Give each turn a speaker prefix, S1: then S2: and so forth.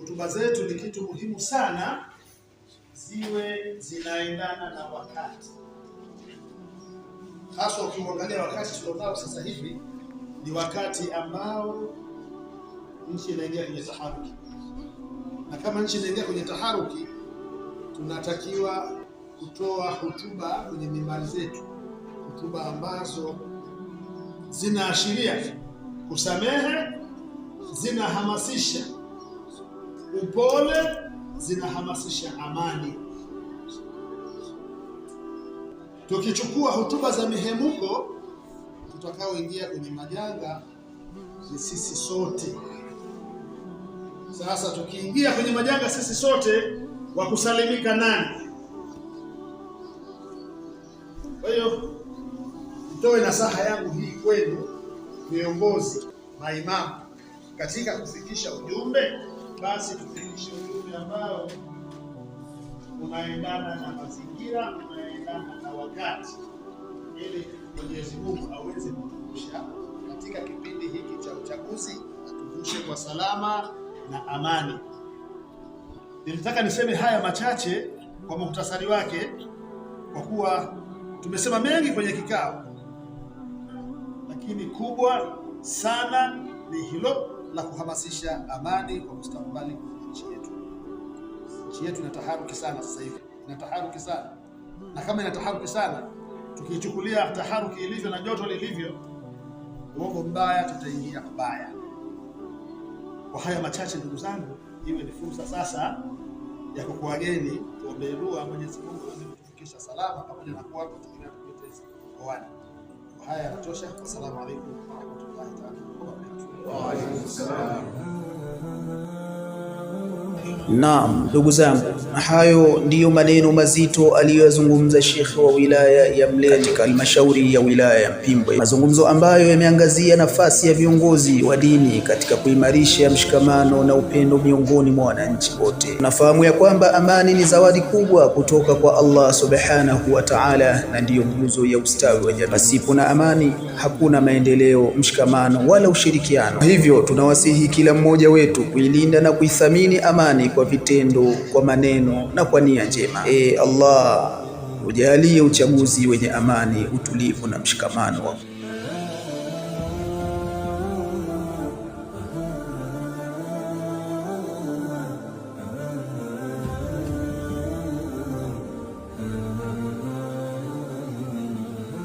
S1: Hotuba zetu ni kitu muhimu sana, ziwe zinaendana na wakati, hasa ukiangalia wakati tulionao sasa hivi ni wakati ambao nchi inaingia kwenye taharuki, na kama nchi inaingia kwenye taharuki, tunatakiwa kutoa hotuba kwenye mimbari zetu, hotuba ambazo zinaashiria kusamehe, zinahamasisha upole, zinahamasisha amani. Tukichukua hotuba za mihemuko, tutakaoingia kwenye majanga ni sisi sote. Sasa tukiingia kwenye majanga sisi sote, wa kusalimika nani? Kwa hiyo nitoe nasaha yangu hii kwenu viongozi, maimamu, katika kufikisha ujumbe basi tufikishe ujumbe ambao unaendana na mazingira, unaendana na wakati, ili Mwenyezi Mungu aweze kutuvusha katika kipindi hiki cha uchaguzi, atuvushe kwa salama na amani. Nilitaka niseme haya machache kwa muhtasari wake, kwa kuwa tumesema mengi kwenye kikao, lakini kubwa sana ni hilo la kuhamasisha amani kwa mustakabali wa nchi yetu. Nchi yetu ina taharuki sana sasa hivi, ina taharuki sana na kama ina taharuki sana, tukichukulia taharuki ilivyo na joto lilivyo, uongo mbaya, tutaingia mbaya. Kwa haya machache, ndugu zangu, iwe ni fursa sasa ya kukuwageni, tuombee dua, Mwenyezi Mungu aweze kutufikisha salama pamoja na kuwapa tukilia Kwa haya yanatosha. Asalamu alaykum wa rahmatullahi ta'ala wa barakatuh.
S2: I'm sorry.
S3: Naam, ndugu zangu, hayo ndiyo maneno mazito aliyoyazungumza Sheikh wa wilaya ya Mlele katika halmashauri ya wilaya ya Mpimbwe, mazungumzo ambayo yameangazia nafasi ya viongozi wa dini katika kuimarisha mshikamano na upendo miongoni mwa wananchi wote. Tunafahamu ya kwamba amani ni zawadi kubwa kutoka kwa Allah subhanahu wa ta'ala, na ndiyo nguzo ya ustawi wa jamii. Pasipo na amani hakuna maendeleo, mshikamano wala ushirikiano. Hivyo tunawasihi kila mmoja wetu kuilinda na kuithamini amani imani kwa vitendo, kwa maneno na kwa nia njema. E Allah, ujalie uchaguzi wenye amani, utulivu na mshikamano.